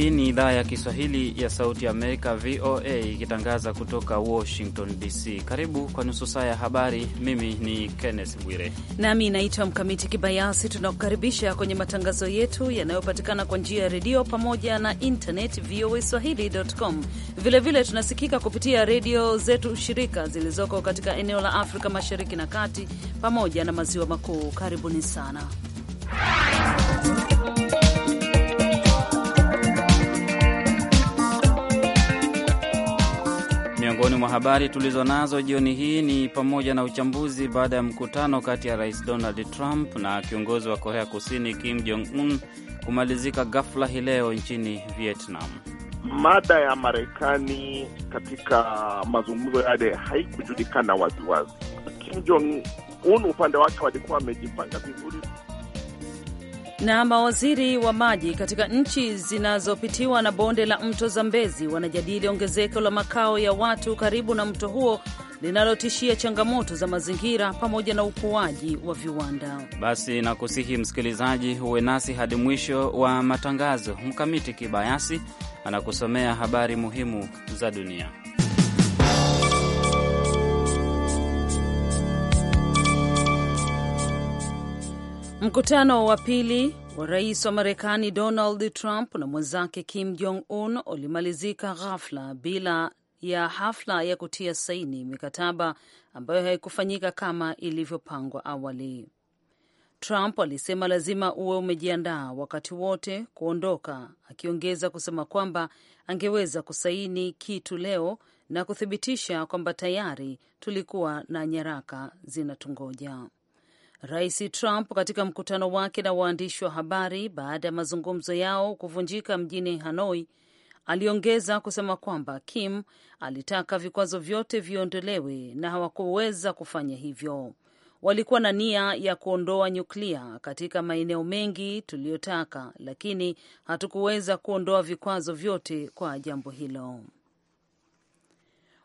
Hii ni idhaa ya Kiswahili ya Sauti ya Amerika, VOA, ikitangaza kutoka Washington DC. Karibu kwa nusu saa ya habari. Mimi ni Kenneth Bwire nami naitwa Mkamiti Kibayasi. Tunakukaribisha kwenye matangazo yetu yanayopatikana kwa njia ya redio pamoja na internet, voa swahili.com. Vilevile tunasikika kupitia redio zetu shirika zilizoko katika eneo la Afrika Mashariki na Kati pamoja na Maziwa Makuu. Karibuni sana Miongoni mwa habari tulizo nazo jioni hii ni pamoja na uchambuzi baada ya mkutano kati ya Rais Donald Trump na kiongozi wa Korea Kusini Kim Jong Un kumalizika ghafla hii leo nchini Vietnam. Mada ya Marekani katika mazungumzo yale haikujulikana waziwazi. Kim Jong Un upande wake walikuwa wamejipanga vizuri. Na mawaziri wa maji katika nchi zinazopitiwa na bonde la mto Zambezi wanajadili ongezeko la makao ya watu karibu na mto huo linalotishia changamoto za mazingira pamoja na ukuaji wa viwanda. Basi nakusihi msikilizaji, uwe nasi hadi mwisho wa matangazo. Mkamiti Kibayasi anakusomea habari muhimu za dunia. Mkutano wa pili wa rais wa Marekani Donald Trump na mwenzake Kim Jong Un ulimalizika ghafla bila ya hafla ya kutia saini mikataba ambayo haikufanyika kama ilivyopangwa awali. Trump alisema lazima uwe umejiandaa wakati wote kuondoka, akiongeza kusema kwamba angeweza kusaini kitu leo na kuthibitisha kwamba tayari tulikuwa na nyaraka zinatungoja. Rais Trump katika mkutano wake na waandishi wa habari baada ya mazungumzo yao kuvunjika mjini Hanoi aliongeza kusema kwamba Kim alitaka vikwazo vyote viondolewe na hawakuweza kufanya hivyo. Walikuwa na nia ya kuondoa nyuklia katika maeneo mengi tuliyotaka, lakini hatukuweza kuondoa vikwazo vyote kwa jambo hilo.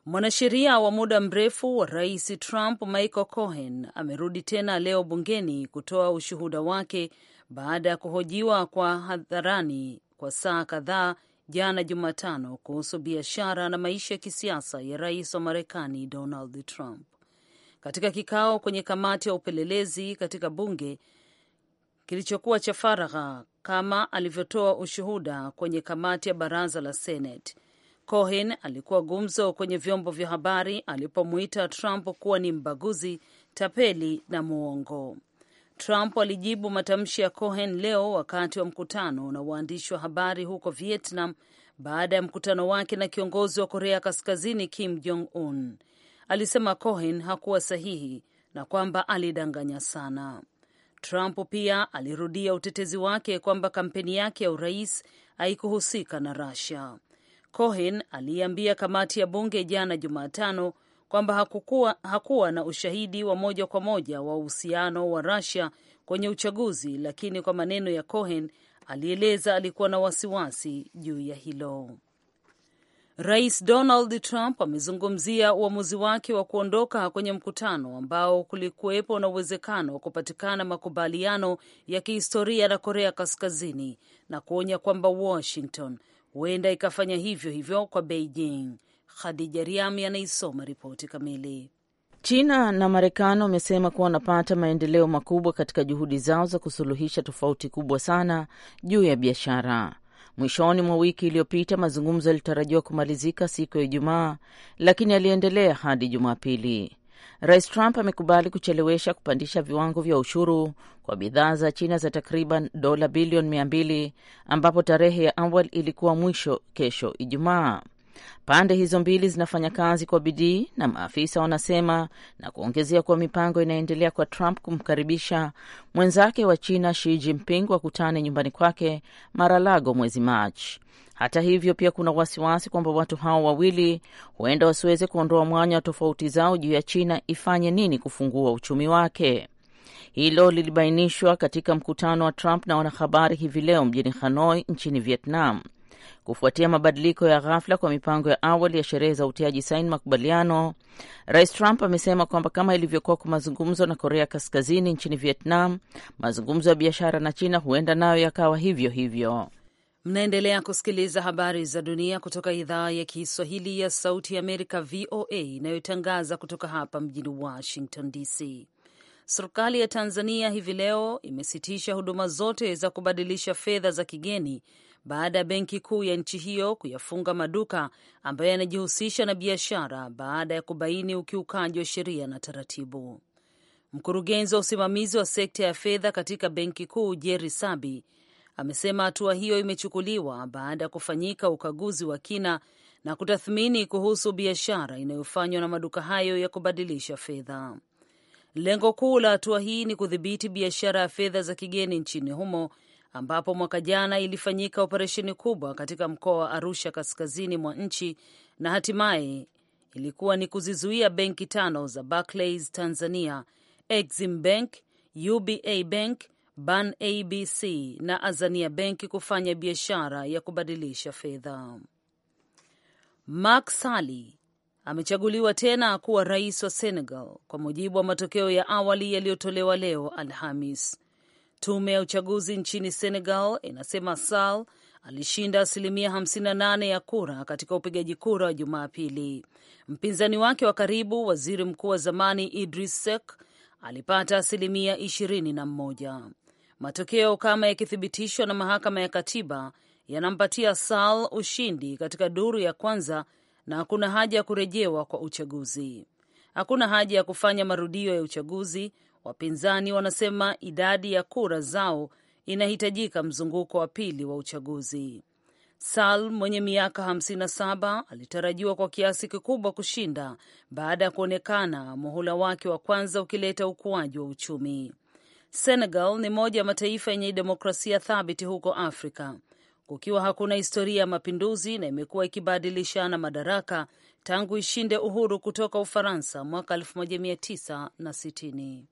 Mwanasheria wa muda mrefu wa rais Trump Michael Cohen amerudi tena leo bungeni kutoa ushuhuda wake baada ya kuhojiwa kwa hadharani kwa saa kadhaa jana Jumatano kuhusu biashara na maisha ya kisiasa ya rais wa Marekani Donald Trump. Katika kikao kwenye kamati ya upelelezi katika bunge kilichokuwa cha faragha, kama alivyotoa ushuhuda kwenye kamati ya baraza la Senate, Cohen alikuwa gumzo kwenye vyombo vya habari alipomwita Trump kuwa ni mbaguzi, tapeli na mwongo. Trump alijibu matamshi ya Cohen leo wakati wa mkutano na waandishi wa habari huko Vietnam baada ya mkutano wake na kiongozi wa Korea Kaskazini Kim Jong Un. Alisema Cohen hakuwa sahihi na kwamba alidanganya sana. Trump pia alirudia utetezi wake kwamba kampeni yake ya urais haikuhusika na Russia. Cohen aliiambia kamati ya bunge jana Jumatano kwamba hakukuwa, hakuwa na ushahidi wa moja kwa moja wa uhusiano wa Russia kwenye uchaguzi, lakini kwa maneno ya Cohen alieleza alikuwa na wasiwasi juu ya hilo. Rais Donald Trump amezungumzia uamuzi wake wa kuondoka kwenye mkutano ambao kulikuwepo na uwezekano wa kupatikana makubaliano ya kihistoria na Korea Kaskazini na kuonya kwamba Washington huenda ikafanya hivyo hivyo kwa Beijing. Khadija Riami anaisoma ripoti kamili. China na Marekani wamesema kuwa wanapata maendeleo makubwa katika juhudi zao za kusuluhisha tofauti kubwa sana juu ya biashara. Mwishoni mwa wiki iliyopita mazungumzo yalitarajiwa kumalizika siku ya Ijumaa, lakini yaliendelea hadi Jumapili. Rais Trump amekubali kuchelewesha kupandisha viwango vya ushuru kwa bidhaa za China za takriban dola bilioni mia mbili ambapo tarehe ya awali ilikuwa mwisho kesho Ijumaa. Pande hizo mbili zinafanya kazi kwa bidii na maafisa wanasema, na kuongezea kuwa mipango inaendelea kwa Trump kumkaribisha mwenzake wa China Xi Jinping wakutane nyumbani kwake Maralago lago mwezi Machi. Hata hivyo, pia kuna wasiwasi kwamba watu hao wawili huenda wasiweze kuondoa mwanya wa tofauti zao juu ya China ifanye nini kufungua uchumi wake. Hilo lilibainishwa katika mkutano wa Trump na wanahabari hivi leo mjini Hanoi nchini Vietnam kufuatia mabadiliko ya ghafla kwa mipango ya awali ya sherehe za utiaji saini makubaliano. Rais Trump amesema kwamba kama ilivyokuwa kwa mazungumzo na Korea Kaskazini nchini Vietnam, mazungumzo ya biashara na China huenda nayo yakawa hivyo hivyo. Mnaendelea kusikiliza habari za dunia kutoka idhaa ya Kiswahili ya Sauti ya Amerika, VOA, inayotangaza kutoka hapa mjini Washington DC. Serikali ya Tanzania hivi leo imesitisha huduma zote za kubadilisha fedha za kigeni baada ya benki kuu ya nchi hiyo kuyafunga maduka ambayo yanajihusisha na biashara baada ya kubaini ukiukaji wa sheria na taratibu. Mkurugenzi wa usimamizi wa sekta ya fedha katika benki kuu Jerry Sabi amesema hatua hiyo imechukuliwa baada ya kufanyika ukaguzi wa kina na kutathmini kuhusu biashara inayofanywa na maduka hayo ya kubadilisha fedha. Lengo kuu la hatua hii ni kudhibiti biashara ya fedha za kigeni nchini humo, ambapo mwaka jana ilifanyika operesheni kubwa katika mkoa wa Arusha, kaskazini mwa nchi, na hatimaye ilikuwa ni kuzizuia benki tano za Barclays Tanzania, Exim Bank, UBA Bank, Ban ABC na Azania Benki kufanya biashara ya kubadilisha fedha. Macky Sall amechaguliwa tena kuwa rais wa Senegal kwa mujibu wa matokeo ya awali yaliyotolewa leo Alhamis. Tume ya uchaguzi nchini Senegal inasema Sall alishinda asilimia 58 ya kura katika upigaji kura wa Jumapili. Mpinzani wake wa karibu, waziri mkuu wa zamani Idris sek alipata asilimia na mmoja Matokeo kama yakithibitishwa na mahakama ya katiba yanampatia sal ushindi katika duru ya kwanza na hakuna haja ya kurejewa kwa uchaguzi. Hakuna haja ya kufanya marudio ya uchaguzi. Wapinzani wanasema idadi ya kura zao inahitajika mzunguko wa pili wa uchaguzi. sal mwenye miaka 57 alitarajiwa kwa kiasi kikubwa kushinda baada ya kuonekana muhula wake wa kwanza ukileta ukuaji wa uchumi. Senegal ni moja ya mataifa yenye demokrasia thabiti huko Afrika, kukiwa hakuna historia ya mapinduzi na imekuwa ikibadilishana madaraka tangu ishinde uhuru kutoka Ufaransa mwaka 1960.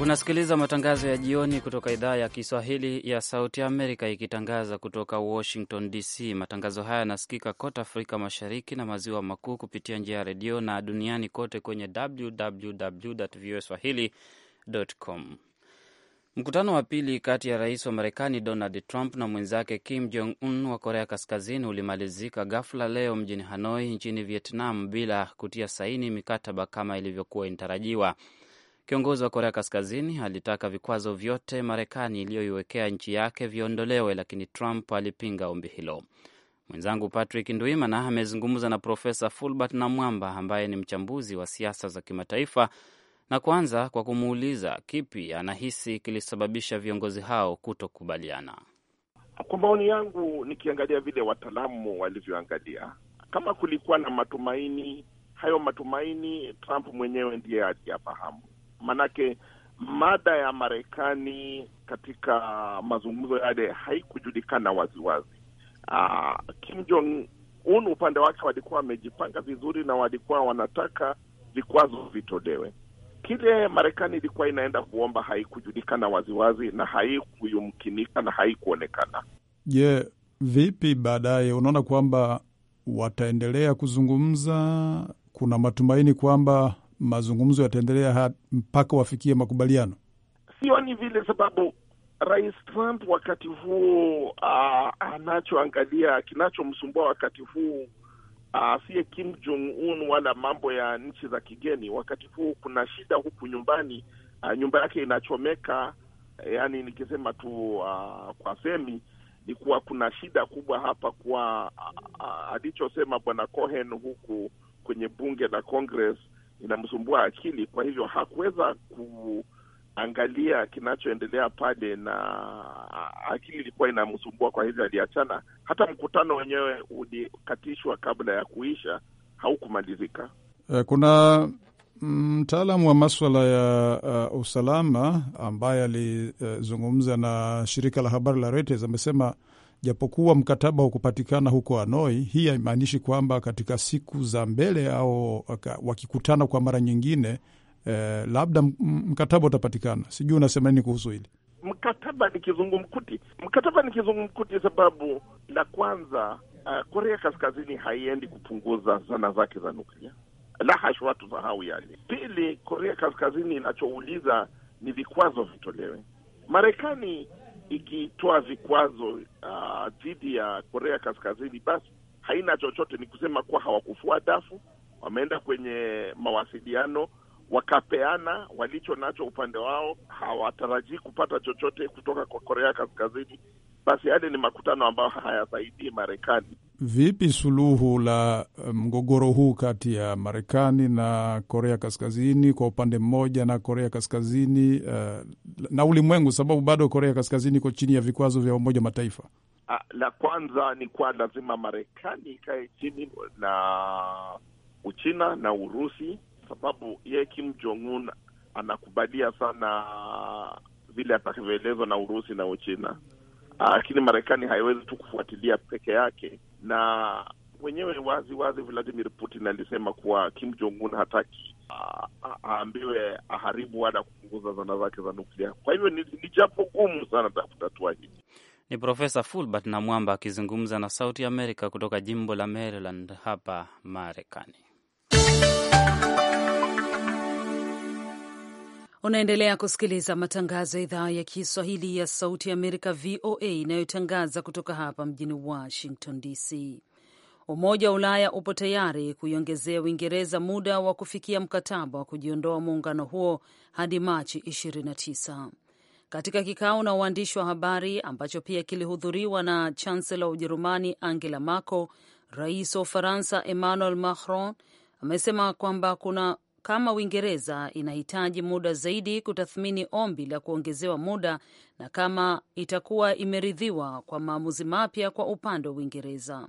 Unasikiliza matangazo ya jioni kutoka idhaa ya Kiswahili ya Sauti Amerika ikitangaza kutoka Washington DC. Matangazo haya yanasikika kote Afrika Mashariki na Maziwa Makuu kupitia njia ya redio na duniani kote kwenye www voa swahili.com. Mkutano wa pili kati ya rais wa Marekani Donald Trump na mwenzake Kim Jong Un wa Korea Kaskazini ulimalizika ghafla leo mjini Hanoi nchini Vietnam bila kutia saini mikataba kama ilivyokuwa inatarajiwa. Kiongozi wa Korea Kaskazini alitaka vikwazo vyote Marekani iliyoiwekea nchi yake viondolewe, lakini Trump alipinga ombi hilo. Mwenzangu Patrick Ndwimana amezungumza na Profesa Fulbert Namwamba ambaye ni mchambuzi wa siasa za kimataifa na kwanza kwa kumuuliza kipi anahisi kilisababisha viongozi hao kutokubaliana. Kwa maoni yangu, nikiangalia vile wataalamu walivyoangalia, kama kulikuwa na matumaini hayo, matumaini Trump mwenyewe ndiye aliyafahamu. Manake mada ya Marekani katika mazungumzo yale haikujulikana waziwazi. Aa, ah, Kim Jong Un upande wake walikuwa wamejipanga vizuri na walikuwa wanataka vikwazo vitolewe. Kile Marekani ilikuwa inaenda kuomba haikujulikana waziwazi na haikuyumkinika na haikuonekana. Je, yeah, vipi baadaye? Unaona kwamba wataendelea kuzungumza? Kuna matumaini kwamba mazungumzo yataendelea mpaka wafikie makubaliano? Sioni vile, sababu Rais Trump wakati huu uh, anachoangalia kinachomsumbua wakati huu uh, siye Kim Jong Un wala mambo ya nchi za kigeni. Wakati huu kuna shida huku nyumbani, uh, nyumba yake inachomeka. Yani nikisema tu uh, kwa semi ni kuwa kuna shida kubwa hapa kwa uh, uh, alichosema Bwana Cohen huku kwenye bunge la Congress inamsumbua akili, kwa hivyo hakuweza kuangalia kinachoendelea pale, na akili ilikuwa inamsumbua, kwa hivyo aliachana. Hata mkutano wenyewe ulikatishwa kabla ya kuisha, haukumalizika. Eh, kuna mm, mtaalamu wa maswala ya uh, usalama ambaye alizungumza uh, na shirika la habari la Reuters amesema Japokuwa mkataba wa kupatikana huko Hanoi, hii haimaanishi kwamba katika siku za mbele au wakikutana kwa mara nyingine eh, labda mkataba utapatikana. Sijui unasema nini kuhusu hili. Mkataba ni kizungumkuti, mkataba ni kizungumkuti sababu la kwanza, uh, Korea Kaskazini haiendi kupunguza zana zake za nuklia, la hasha, watu sahau yale. Pili, Korea Kaskazini inachouliza ni vikwazo vitolewe. Marekani ikitoa vikwazo uh, dhidi ya Korea Kaskazini, basi haina chochote, ni kusema kuwa hawakufua dafu, wameenda kwenye mawasiliano wakapeana walicho nacho upande wao, hawatarajii kupata chochote kutoka kwa Korea Kaskazini. Basi yale ni makutano ambayo hayasaidii Marekani vipi suluhu la eh, mgogoro huu kati ya Marekani na Korea Kaskazini kwa upande mmoja na Korea Kaskazini uh, na ulimwengu, sababu bado Korea Kaskazini iko chini ya vikwazo vya Umoja Mataifa. Ah, la kwanza ni kwa lazima Marekani ikae chini na Uchina na Urusi, sababu ye Kim Jong Un anakubalia sana vile atakavyoelezwa na Urusi na Uchina, ah, lakini Marekani haiwezi tu kufuatilia peke yake na mwenyewe wazi wazi Vladimir Putin alisema kuwa Kim Jong Un hataki aambiwe aharibu wala kupunguza zana zake za nuklia. Kwa hivyo ni, ni japo gumu sana kutatua hili. Ni Profesa Fulbert na Mwamba akizungumza na Sauti Amerika kutoka jimbo la Maryland hapa Marekani. Unaendelea kusikiliza matangazo ya idhaa ya Kiswahili ya Sauti ya Amerika, VOA, inayotangaza kutoka hapa mjini Washington DC. Umoja wa Ulaya upo tayari kuiongezea Uingereza muda wa kufikia mkataba wa kujiondoa muungano huo hadi Machi 29. Katika kikao na waandishi wa habari ambacho pia kilihudhuriwa na chansela wa Ujerumani Angela Merkel, rais wa Ufaransa Emmanuel Macron amesema kwamba kuna kama Uingereza inahitaji muda zaidi kutathmini ombi la kuongezewa muda na kama itakuwa imeridhiwa kwa maamuzi mapya kwa upande wa Uingereza.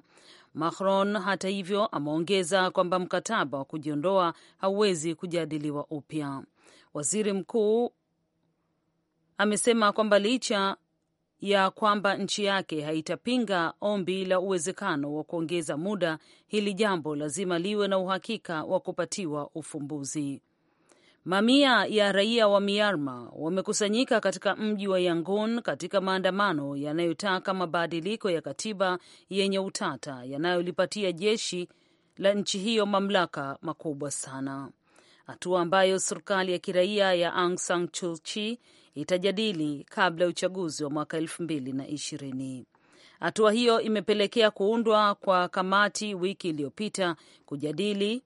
Macron hata hivyo ameongeza kwamba mkataba wa kujiondoa hauwezi kujadiliwa upya. Waziri mkuu amesema kwamba licha ya kwamba nchi yake haitapinga ombi la uwezekano wa kuongeza muda, hili jambo lazima liwe na uhakika wa kupatiwa ufumbuzi. Mamia ya raia wa Myanmar wamekusanyika katika mji wa Yangon katika maandamano yanayotaka mabadiliko ya katiba yenye utata yanayolipatia jeshi la nchi hiyo mamlaka makubwa sana, hatua ambayo serikali ya kiraia ya Aung San Suu Kyi itajadili kabla ya uchaguzi wa mwaka elfu mbili na ishirini. Hatua hiyo imepelekea kuundwa kwa kamati wiki iliyopita kujadili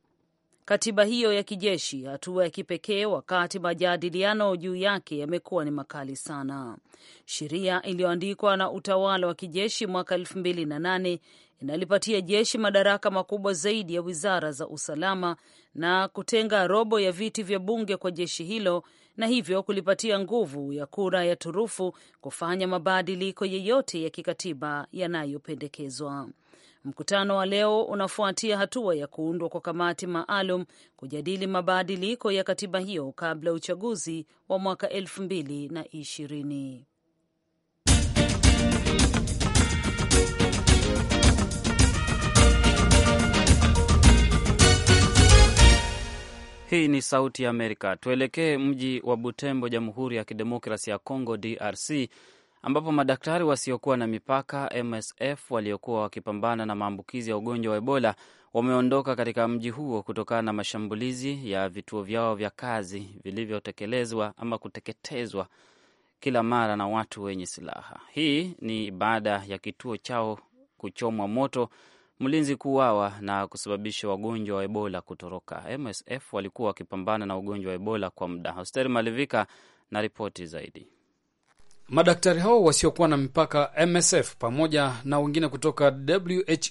katiba hiyo ya kijeshi, hatua ya kipekee wakati majadiliano juu yake yamekuwa ni makali sana. Sheria iliyoandikwa na utawala wa kijeshi mwaka elfu mbili na nane inalipatia jeshi madaraka makubwa zaidi ya wizara za usalama na kutenga robo ya viti vya bunge kwa jeshi hilo na hivyo kulipatia nguvu ya kura ya turufu kufanya mabadiliko yeyote ya kikatiba yanayopendekezwa. Mkutano wa leo unafuatia hatua ya kuundwa kwa kamati maalum kujadili mabadiliko ya katiba hiyo kabla ya uchaguzi wa mwaka elfu mbili na ishirini. Hii ni Sauti ya Amerika. Tuelekee mji wa Butembo, Jamhuri ya Kidemokrasi ya Kongo, DRC, ambapo madaktari wasiokuwa na mipaka MSF waliokuwa wakipambana na maambukizi ya ugonjwa wa Ebola wameondoka katika mji huo kutokana na mashambulizi ya vituo vyao vya kazi vilivyotekelezwa ama kuteketezwa kila mara na watu wenye silaha. Hii ni baada ya kituo chao kuchomwa moto, mlinzi kuuawa na kusababisha wagonjwa wa Ebola kutoroka. MSF walikuwa wakipambana na ugonjwa wa Ebola kwa muda. Hosteri Malivika na ripoti zaidi. Madaktari hao wasiokuwa na mipaka MSF pamoja na wengine kutoka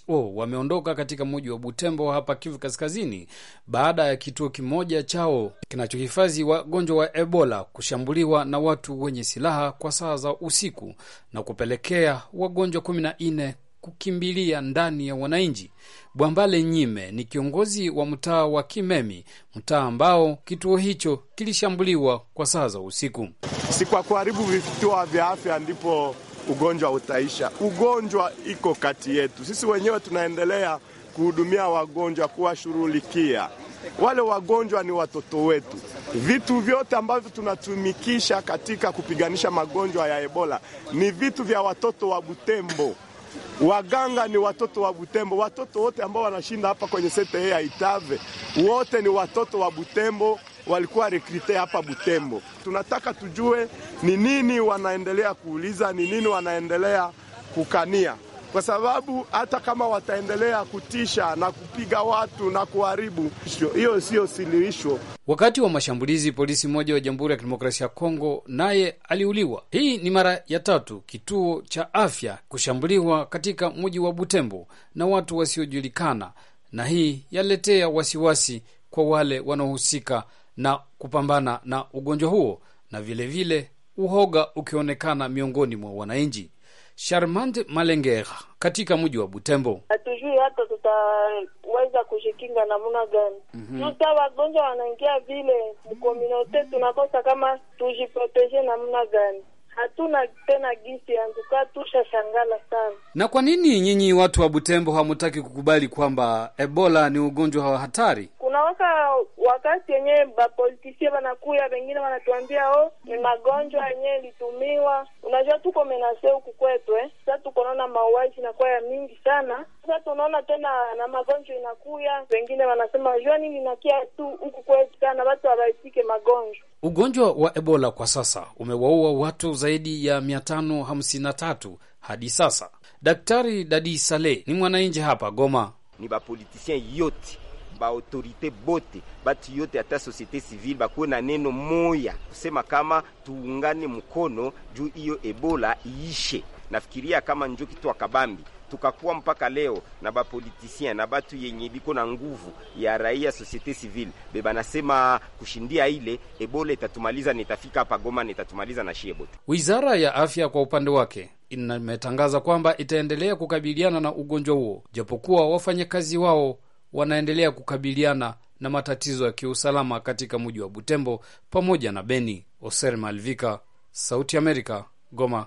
WHO wameondoka katika mji wa Butembo hapa Kivu Kaskazini baada ya kituo kimoja chao kinachohifadhi wagonjwa wa Ebola kushambuliwa na watu wenye silaha kwa saa za usiku na kupelekea wagonjwa kumi na nne kukimbilia ndani ya wananchi. Bwambale Nyime ni kiongozi wa mtaa wa Kimemi, mtaa ambao kituo hicho kilishambuliwa kwa saa za usiku. Si kwa kuharibu vituo vya afya ndipo ugonjwa utaisha. Ugonjwa iko kati yetu, sisi wenyewe tunaendelea kuhudumia wagonjwa, kuwashughulikia wale wagonjwa ni watoto wetu. Vitu vyote ambavyo tunatumikisha katika kupiganisha magonjwa ya Ebola ni vitu vya watoto wa Butembo. Waganga ni watoto wa Butembo. Watoto wote ambao wanashinda hapa kwenye sete ya Itave wote ni watoto wa Butembo, walikuwa rekrite hapa Butembo. Tunataka tujue ni nini wanaendelea kuuliza, ni nini wanaendelea kukania kwa sababu hata kama wataendelea kutisha na kupiga watu na kuharibu, hiyo siyo suluhisho. Wakati wa mashambulizi, polisi mmoja wa Jamhuri ya Kidemokrasia ya Kongo naye aliuliwa. Hii ni mara ya tatu kituo cha afya kushambuliwa katika mji wa Butembo na watu wasiojulikana, na hii yaletea wasiwasi kwa wale wanaohusika na kupambana na ugonjwa huo, na vilevile vile, uhoga ukionekana miongoni mwa wananchi. Charmande Malengera katika mji wa Butembo. Hatujui hata tutaweza kujikinga namna gani? mm -hmm. Tuta wagonjwa wanaingia vile mkomunote, tunakosa kama tujiproteje namna gani? hatuna tena gisi tusha shangala sana. Na kwa nini nyinyi watu wa Butembo hamutaki kukubali kwamba Ebola ni ugonjwa wa hatari? Kuna waka wakati yenyewe bapolitisia wanakuya, wengine wanatuambia oh, ni magonjwa yenyewe ilitumiwa. Unajua tuko menase huku kwetu eh? Sasa tuko naona mauaji inakuwa ya mingi sana. Sasa tunaona tena na magonjwa inakuya, wengine wanasema jua nini inakia tu huku kwetu sana, watu hawaitike magonjwa Ugonjwa wa Ebola kwa sasa umewaua watu zaidi ya 553 hadi sasa. Daktari Dadi Saleh ni mwananchi hapa Goma. Ni bapolitisien yote baautorite bote batu yote hata societe sivili bakuwe na neno moya kusema kama tuungane mkono juu hiyo Ebola iishe. Nafikiria kama njo kitu kabambi tukakuwa mpaka leo na bapolitisien na batu yenye biko na nguvu ya raia societe civile bebanasema kushindia ile ebola itatumaliza, nitafika hapa Goma nitatumaliza na shieboto. Wizara ya afya kwa upande wake imetangaza kwamba itaendelea kukabiliana na ugonjwa huo, japokuwa wafanyakazi wao wanaendelea kukabiliana na matatizo ya kiusalama katika mji wa Butembo pamoja na Beni. Oser Malvika, Sauti Amerika, Goma.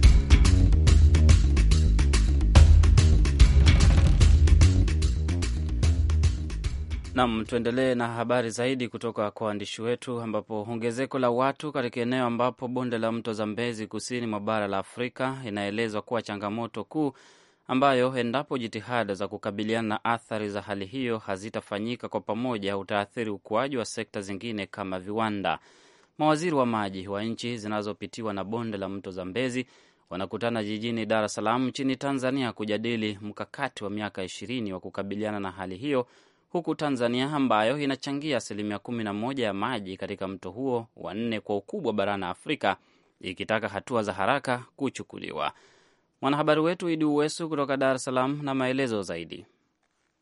Nam, tuendelee na habari zaidi kutoka kwa waandishi wetu, ambapo ongezeko la watu katika eneo ambapo bonde la mto Zambezi kusini mwa bara la Afrika inaelezwa kuwa changamoto kuu ambayo endapo jitihada za kukabiliana na athari za hali hiyo hazitafanyika kwa pamoja, utaathiri ukuaji wa sekta zingine kama viwanda. Mawaziri wa maji wa nchi zinazopitiwa na bonde la mto Zambezi wanakutana jijini Dar es Salaam nchini Tanzania kujadili mkakati wa miaka ishirini wa kukabiliana na hali hiyo huku Tanzania ambayo inachangia asilimia kumi na moja ya maji katika mto huo wa nne kwa ukubwa barani Afrika ikitaka hatua za haraka kuchukuliwa. Mwanahabari wetu Idi Uwesu kutoka Dar es Salaam na maelezo zaidi.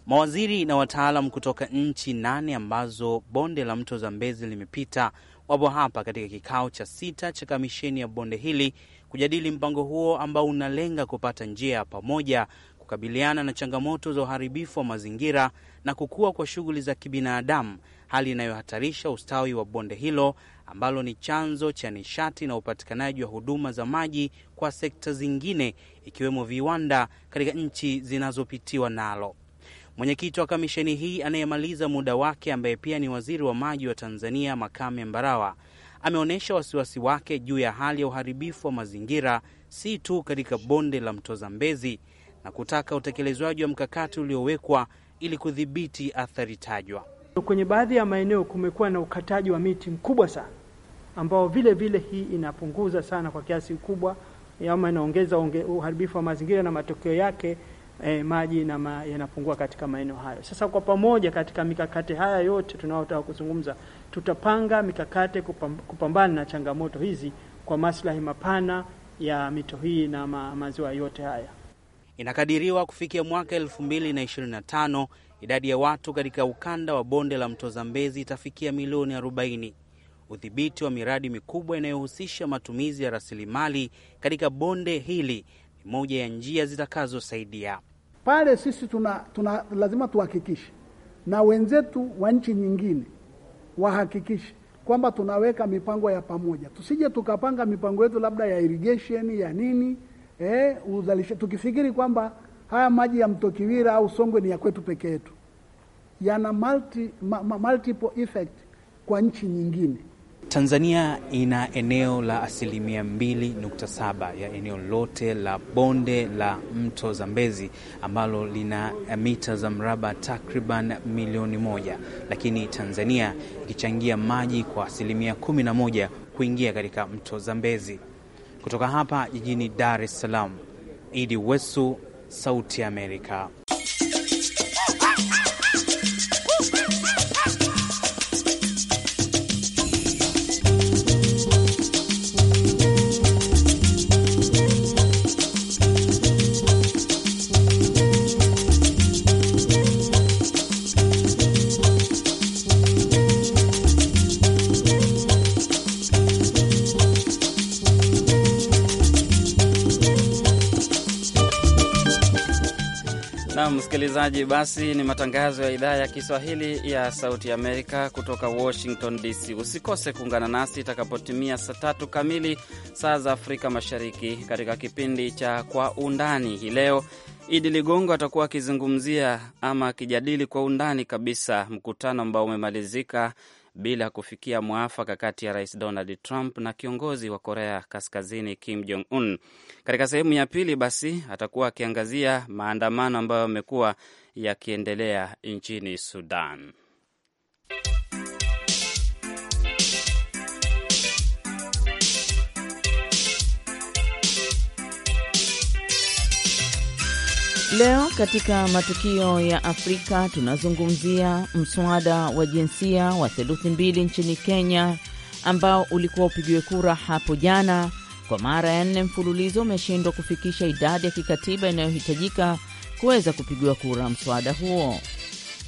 Mawaziri na wataalam kutoka nchi nane ambazo bonde la mto Zambezi limepita wapo hapa katika kikao cha sita cha kamisheni ya bonde hili kujadili mpango huo ambao unalenga kupata njia ya pamoja kukabiliana na changamoto za uharibifu wa mazingira na kukua kwa shughuli za kibinadamu, hali inayohatarisha ustawi wa bonde hilo ambalo ni chanzo cha nishati na upatikanaji wa huduma za maji kwa sekta zingine ikiwemo viwanda katika nchi zinazopitiwa nalo. Mwenyekiti wa kamisheni hii anayemaliza muda wake ambaye pia ni waziri wa maji wa Tanzania, Makame Mbarawa, ameonyesha wasiwasi wake juu ya hali ya uharibifu wa mazingira si tu katika bonde la mto Zambezi na kutaka utekelezwaji wa mkakati uliowekwa ili kudhibiti athari tajwa. Kwenye baadhi ya maeneo kumekuwa na ukataji wa miti mkubwa sana, ambao vile vile hii inapunguza sana kwa kiasi kikubwa ama inaongeza uharibifu wa mazingira na matokeo yake eh, maji ma, yanapungua katika maeneo hayo. Sasa kwa pamoja, katika mikakati haya yote tunayotaka kuzungumza, tutapanga mikakati kupambana na changamoto hizi kwa maslahi mapana ya mito hii na ma, maziwa yote haya. Inakadiriwa kufikia mwaka 2025 idadi ya watu katika ukanda wa bonde la mto Zambezi itafikia milioni 40. Udhibiti wa miradi mikubwa inayohusisha matumizi ya rasilimali katika bonde hili ni moja ya njia zitakazosaidia pale. Sisi tuna, tuna lazima tuhakikishe na wenzetu wa nchi nyingine wahakikishe kwamba tunaweka mipango ya pamoja, tusije tukapanga mipango yetu labda ya irrigation ya nini eh, uzalisha tukifikiri kwamba haya maji ya mto Kiwira au Songwe ni ya kwetu peke yetu, yana multi, ma, ma, multiple effect kwa nchi nyingine. Tanzania ina eneo la asilimia 2.7 ya eneo lote la bonde la mto Zambezi ambalo lina mita za mraba takriban milioni moja, lakini Tanzania ikichangia maji kwa asilimia 11 kuingia katika mto Zambezi. Kutoka hapa jijini Dar es Salaam, Idi Wesu, Sauti Amerika. msikilizaji, basi ni matangazo ya idhaa ya Kiswahili ya Sauti Amerika kutoka Washington DC. Usikose kuungana nasi itakapotimia saa tatu kamili saa za Afrika Mashariki katika kipindi cha Kwa Undani. Hii leo Idi Ligongo atakuwa akizungumzia ama akijadili kwa undani kabisa mkutano ambao umemalizika bila kufikia mwafaka kati ya rais Donald Trump na kiongozi wa Korea Kaskazini Kim Jong Un. Katika sehemu ya pili, basi atakuwa akiangazia maandamano ambayo yamekuwa yakiendelea nchini Sudan. Leo katika matukio ya Afrika tunazungumzia mswada wa jinsia wa theluthi mbili nchini Kenya ambao ulikuwa upigiwe kura hapo jana, kwa mara ya nne mfululizo umeshindwa kufikisha idadi ya kikatiba inayohitajika kuweza kupigiwa kura mswada huo.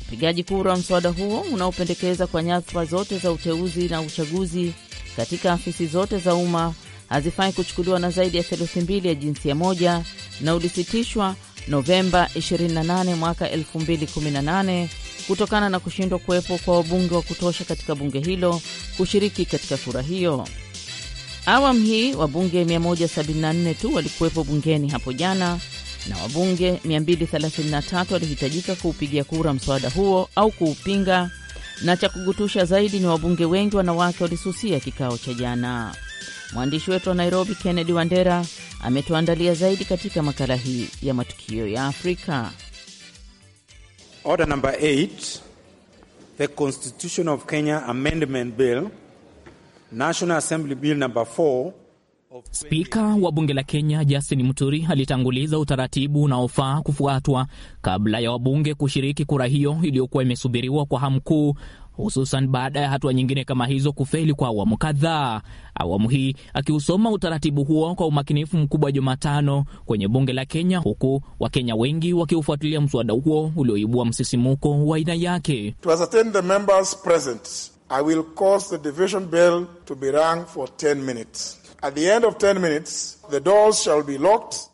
Upigaji kura wa mswada huo unaopendekeza kwa nyadhifa zote za uteuzi na uchaguzi katika afisi zote za umma hazifai kuchukuliwa na zaidi ya theluthi mbili ya jinsia moja na ulisitishwa Novemba 28 mwaka 2018 kutokana na kushindwa kuwepo kwa wabunge wa kutosha katika bunge hilo kushiriki katika kura hiyo. Awamu hii wabunge 174 tu walikuwepo bungeni hapo jana na wabunge 233 walihitajika kuupigia kura mswada huo au kuupinga, na cha kugutusha zaidi ni wabunge wengi wanawake walisusia kikao cha jana. Mwandishi wetu wa Nairobi, Kennedy Wandera, ametuandalia zaidi katika makala hii ya matukio ya Afrika. Order number 8 the Constitution of Kenya Amendment Bill, National Assembly Bill number Spika wa bunge la Kenya Justin Muturi alitanguliza utaratibu unaofaa kufuatwa kabla ya wabunge kushiriki kura hiyo iliyokuwa imesubiriwa kwa hamu kuu, hususan baada ya hatua nyingine kama hizo kufeli kwa awamu kadhaa. Awamu hii akiusoma utaratibu huo kwa umakinifu mkubwa Jumatano kwenye bunge la Kenya, huku Wakenya wengi wakiufuatilia mswada huo ulioibua msisimuko wa aina yake. I will cause the division bell to be rung for 10 minutes. At the end of 10 minutes, the doors shall be locked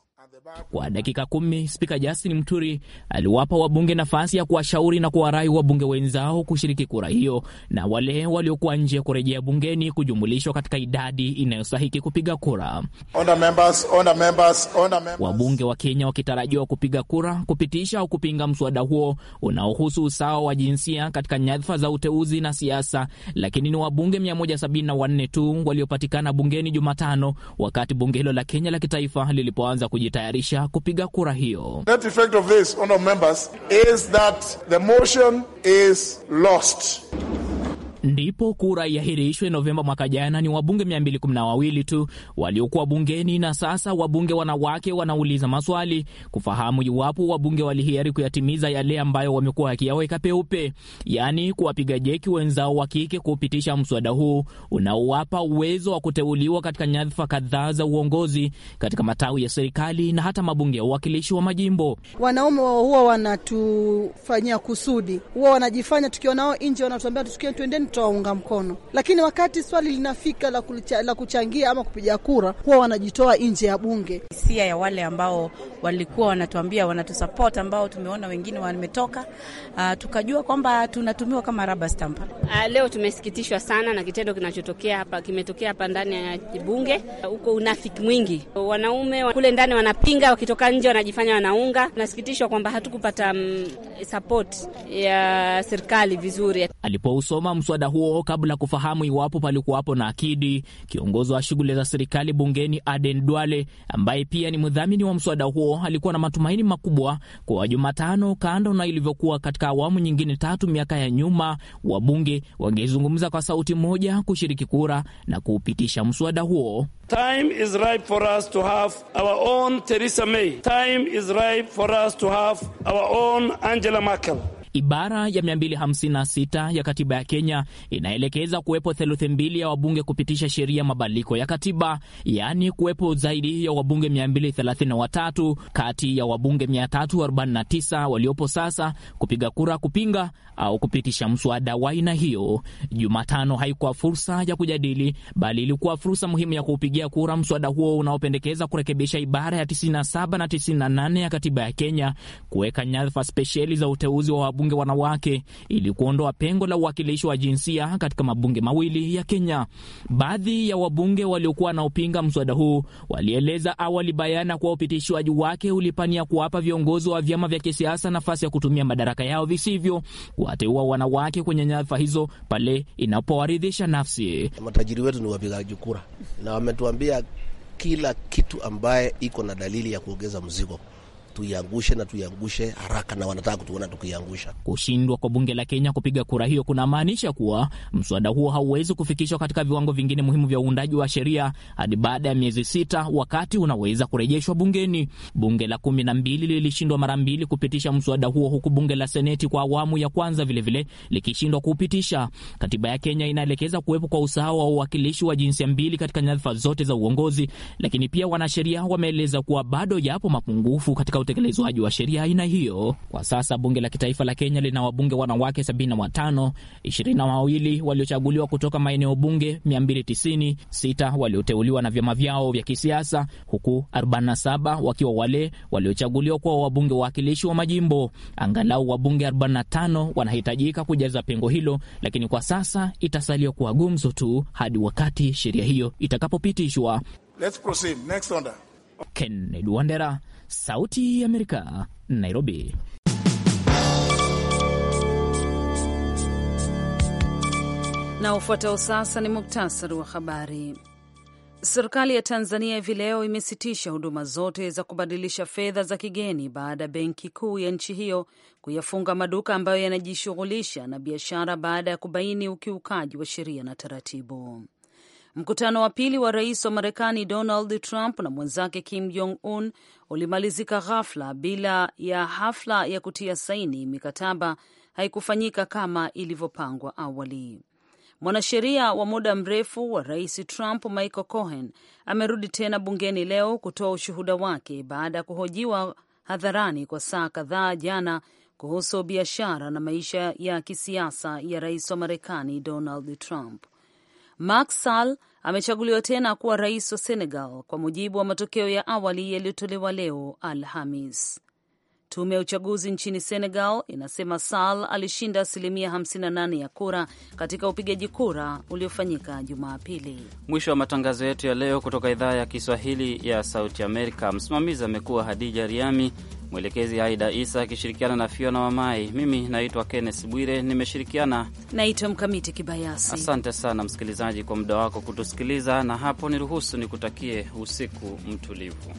Kwa dakika kumi, Spika Justin mturi aliwapa wabunge nafasi ya kuwashauri na kuwarai wabunge wenzao kushiriki kura hiyo na wale waliokuwa nje kurejea bungeni kujumulishwa katika idadi inayostahiki kupiga kura. Honor members, honor members, honor members. Wabunge wa Kenya wakitarajiwa kupiga kura kupitisha au kupinga mswada huo unaohusu usawa wa jinsia katika nyadhifa za uteuzi na siasa, lakini ni wabunge 174 tu waliopatikana bungeni Jumatano, wakati bunge hilo la Kenya la kitaifa lilipoanza kujitayarisha kuhamasisha kupiga kura hiyo. That Mm. ndipo kura iahirishwe Novemba mwaka jana, ni wabunge 212 tu waliokuwa bungeni, na sasa wabunge wanawake wanauliza maswali kufahamu iwapo wabunge walihiari kuyatimiza yale ambayo wamekuwa wakiyaweka peupe, yaani kuwapiga jeki wenzao wa kike kuupitisha mswada huu unaowapa uwezo wa kuteuliwa katika nyadhifa kadhaa za uongozi katika matawi ya serikali na hata mabunge ya uwakilishi wa majimbo. Wanaume wao huwa wanatufanyia kusudi, huwa wanajifanya, tukiwa nao nje wanatuambia tuendeni kutoaunga mkono, lakini wakati swali linafika la, kucha, la kuchangia ama kupiga kura huwa wanajitoa nje ya bunge. Hisia ya wale ambao walikuwa wanatuambia wanatusupport, ambao tumeona wengine wametoka, uh, tukajua kwamba tunatumiwa kama rubber stamp. Uh, leo tumesikitishwa sana na kitendo kinachotokea hapa, kimetokea hapa ndani ya bunge. Huko unafiki mwingi, wanaume kule ndani wanapinga, wakitoka nje wanajifanya wanaunga. Nasikitishwa kwamba hatukupata um, support ya serikali vizuri alipousoma mswada huo kabla kufahamu iwapo palikuwapo na akidi. Kiongozi wa shughuli za serikali bungeni Aden Duale, ambaye pia ni mdhamini wa mswada huo, alikuwa na matumaini makubwa kwa Jumatano, kando na ilivyokuwa katika awamu nyingine tatu miaka ya nyuma, wabunge wangezungumza kwa sauti moja kushiriki kura na kuupitisha mswada huo. Time is ripe for us to have our own Theresa May. Time is ripe for us to have our own Angela Merkel. Ibara ya 256 ya katiba ya Kenya inaelekeza kuwepo theluthi mbili ya wabunge kupitisha sheria mabadiliko ya katiba, yaani kuwepo zaidi ya wabunge 233 kati ya wabunge 349 waliopo sasa kupiga kura kupinga au kupitisha mswada wa aina hiyo. Jumatano haikuwa fursa ya kujadili, bali ilikuwa fursa muhimu ya kuupigia kura mswada huo unaopendekeza kurekebisha ibara ya 97 na 98 ya katiba ya Kenya kuweka nyadhifa spesheli za uteuzi wa wabunge wabunge wanawake ili kuondoa pengo la uwakilishi wa jinsia katika mabunge mawili ya Kenya. Baadhi ya wabunge waliokuwa wanaopinga mswada huu walieleza awali bayana kuwa upitishwaji wake ulipania kuwapa viongozi wa vyama vya kisiasa nafasi ya kutumia madaraka yao visivyo, kuwateua wanawake kwenye nyadhifa hizo pale inapowaridhisha nafsi. Matajiri wetu ni wapigaji kura na wametuambia kila kitu ambaye iko na dalili ya kuongeza mzigo tuiangushe na tuiangushe haraka, na wanataka kutuona tukiangusha. Kushindwa kwa bunge la Kenya kupiga kura hiyo kunamaanisha kuwa mswada huo hauwezi kufikishwa katika viwango vingine muhimu vya uundaji wa sheria hadi baada ya miezi sita, wakati unaweza kurejeshwa bungeni. Bunge la kumi na mbili lilishindwa mara mbili kupitisha mswada huo, huku bunge la seneti kwa awamu ya kwanza vilevile likishindwa kuupitisha. Katiba ya Kenya inaelekeza kuwepo kwa usawa wa uwakilishi wa jinsia mbili katika nyadhifa zote za uongozi, lakini pia wanasheria wameeleza kuwa bado yapo mapungufu katika utekelezwaji wa sheria aina hiyo. Kwa sasa bunge la kitaifa la Kenya lina wabunge wanawake 75, 22 waliochaguliwa kutoka maeneo bunge 290, 6 walioteuliwa na vyama vyao vya kisiasa, huku 47 wakiwa wale waliochaguliwa kuwa wabunge wawakilishi wa majimbo. Angalau wabunge 45 wanahitajika kujaza pengo hilo, lakini kwa sasa itasalia kuwa gumzo tu hadi wakati sheria hiyo itakapopitishwa. Kennedy Wandera, Sauti ya Amerika, Nairobi. Na ufuatao sasa ni muktasari wa habari. Serikali ya Tanzania hivi leo imesitisha huduma zote za kubadilisha fedha za kigeni baada ya benki kuu ya nchi hiyo kuyafunga maduka ambayo yanajishughulisha na biashara baada ya kubaini ukiukaji wa sheria na taratibu. Mkutano wa pili wa rais wa Marekani Donald Trump na mwenzake Kim Jong Un ulimalizika ghafla bila ya hafla ya kutia saini mikataba haikufanyika kama ilivyopangwa awali. Mwanasheria wa muda mrefu wa rais Trump Michael Cohen amerudi tena bungeni leo kutoa ushuhuda wake baada ya kuhojiwa hadharani kwa saa kadhaa jana kuhusu biashara na maisha ya kisiasa ya rais wa Marekani Donald Trump. Macky Sall amechaguliwa tena kuwa rais wa Senegal kwa mujibu wa matokeo ya awali yaliyotolewa leo Alhamis. Tume ya uchaguzi nchini Senegal inasema Sall alishinda asilimia 58 ya kura katika upigaji kura uliofanyika Jumapili. Mwisho wa matangazo yetu ya leo kutoka idhaa ya Kiswahili ya Sauti Amerika. Msimamizi amekuwa Hadija Riami, mwelekezi Aida Isa akishirikiana na Fiona Wamai. Mimi naitwa Kenneth Bwire, nimeshirikiana naitwa Mkamiti Kibayasi. Asante sana msikilizaji kwa muda wako kutusikiliza, na hapo niruhusu nikutakie usiku mtulivu.